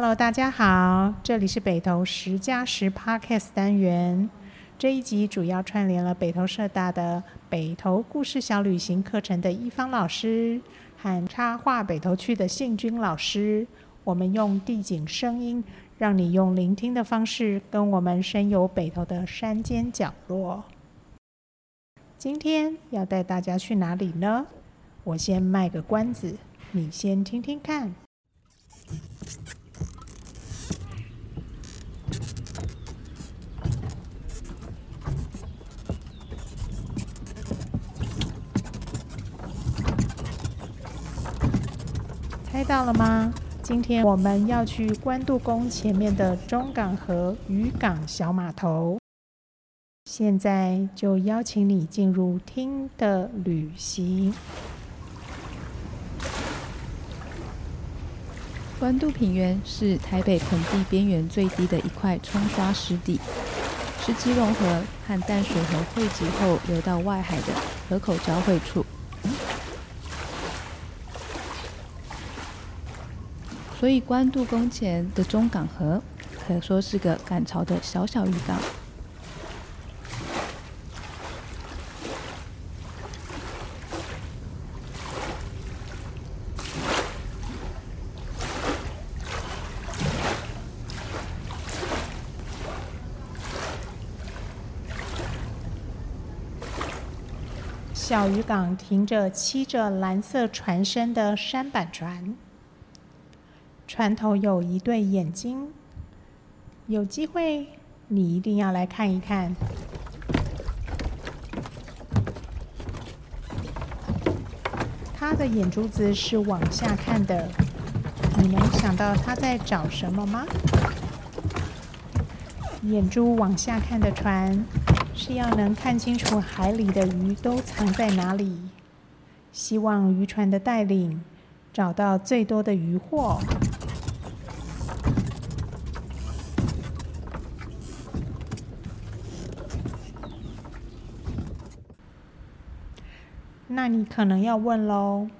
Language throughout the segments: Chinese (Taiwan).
Hello，大家好，這裡是北投十加十 Podcast 單元。這一集主要串聯了北投社大的北投故事小旅行課程的伊芳老師和插畫北投區的幸君老師。我們用地景聲音，讓你用聆聽的方式跟我們深遊北投的山間角落。今天要帶大家去哪裡呢？我先賣個關子，你先聽聽看。聽到了嗎？今天我們要去關渡宮前面的中港河漁港小碼頭。現在就邀請你進入聽的旅行。關渡平原是台北盆地邊緣最低的一塊沖刷濕地，是基隆河和淡水河匯集後流到外海的河口交匯處。所以，關渡宮前的中港河，可說是個趕潮的小小漁港。小漁港停着漆着藍色船身的舢板船。船頭有一對眼睛，有機會你一定要來看一看。他的眼珠子是往下看的，你能想到他在找什麼嗎？眼珠往下看的船，是要能看清楚海裡的魚都藏在哪裡。希望漁船的帶領，找到最多的漁獲。那你可能要問嘍，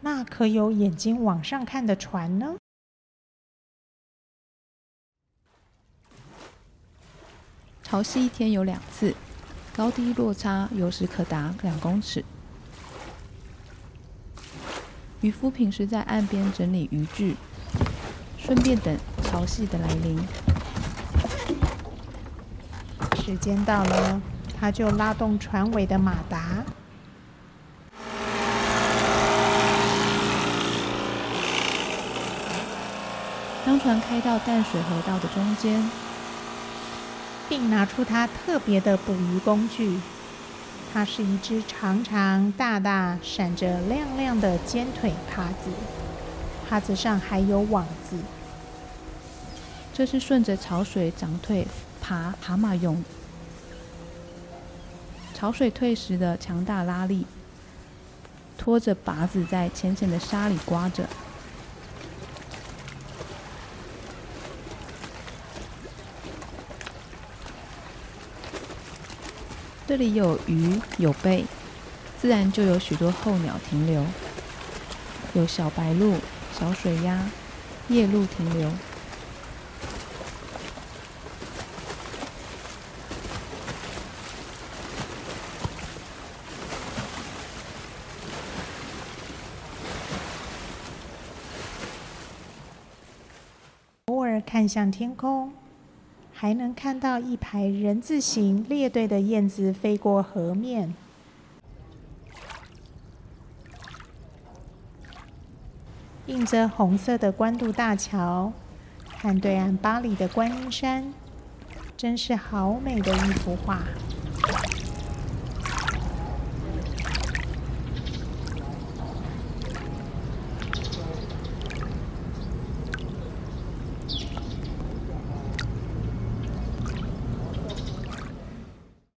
那可有眼睛往上看的船呢？潮汐一天有兩次，高低落差有時可達兩公尺。漁夫平時在岸邊整理漁具，順便等潮汐的來臨。時間到了，他就拉動船尾的馬達。當船開到淡水河道的中間，並拿出它特別的捕魚工具，它是一隻長長、大大、閃着亮亮的尖腿耙子，耙子上還有網子。這是順着潮水漲退爬蛤蟆用，潮水退時的強大拉力，拖着耙子在淺淺的沙裡刮着。這裡有魚有貝，自然就有許多候鳥停留，有小白鷺、小水鴨，夜鷺停留。偶爾看向天空。還能看到一排人字形列隊的燕子飛過河面，映着紅色的關渡大橋，看對岸八里的觀音山，真是好美的一幅畫。